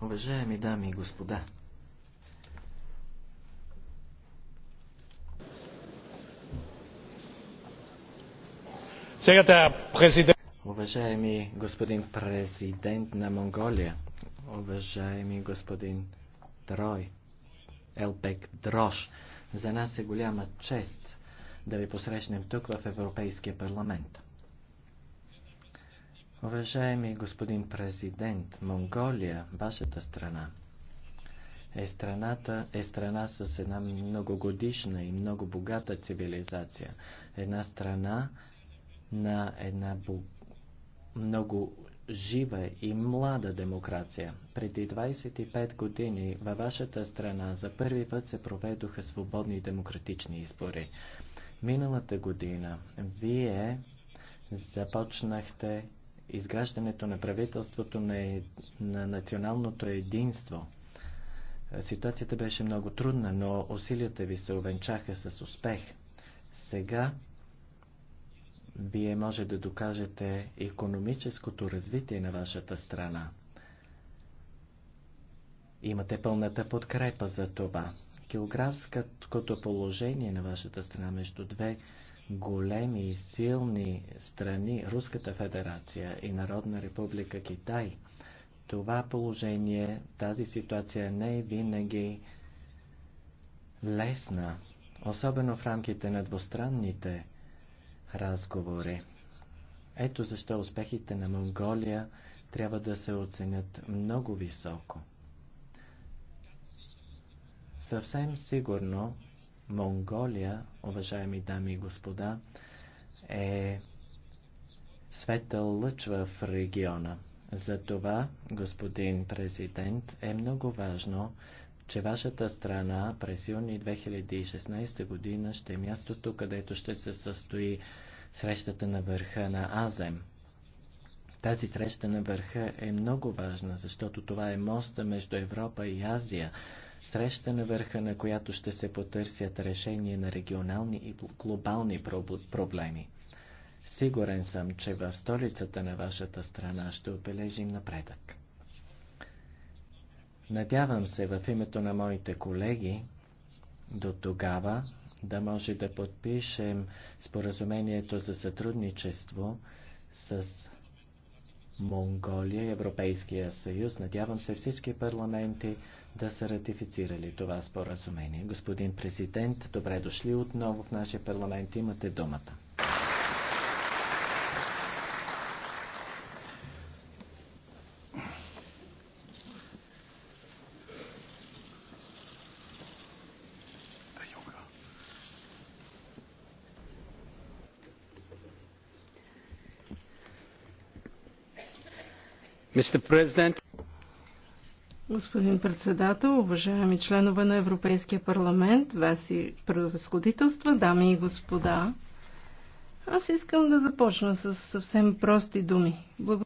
Уважаеми дами и господа, Уважаеми господин президент на Монголия, уважаеми господин Трой, Елбек Дрош, за нас е голяма чест да ви посрещнем тук в Европейския парламент. Уважаеми господин президент, Монголия, вашата страна, е, страната, е страна с една многогодишна и много богата цивилизация. Една страна на една бу... много жива и млада демокрация. Преди 25 години във вашата страна за първи път се проведоха свободни демократични избори. Миналата година вие започнахте изграждането на правителството на, е, на националното единство. Ситуацията беше много трудна, но усилията ви се увенчаха с успех. Сега вие може да докажете економическото развитие на вашата страна. Имате пълната подкрепа за това географското положение на вашата страна между две големи и силни страни, Руската федерация и Народна република Китай, това положение, тази ситуация не е винаги лесна, особено в рамките на двустранните разговори. Ето защо успехите на Монголия трябва да се оценят много високо. Съвсем сигурно Монголия, уважаеми дами и господа, е светъл лъч в региона. Затова, господин президент, е много важно, че вашата страна през юни 2016 година ще е мястото, където ще се състои срещата на върха на Азем. Тази среща на върха е много важна, защото това е моста между Европа и Азия среща на върха, на която ще се потърсят решение на регионални и глобални проблеми. Сигурен съм, че в столицата на вашата страна ще обележим напредък. Надявам се в името на моите колеги до тогава да може да подпишем споразумението за сътрудничество с Монголия и Европейския съюз. Надявам се всички парламенти да са ратифицирали това споразумение. Господин президент, добре дошли отново в нашия парламент. Имате думата. Господин председател, уважаеми членове на Европейския парламент, ваши превъзходителства, дами и господа, аз искам да започна с съвсем прости думи. Благодаря